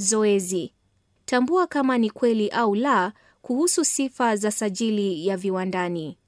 Zoezi: tambua kama ni kweli au la kuhusu sifa za sajili ya viwandani.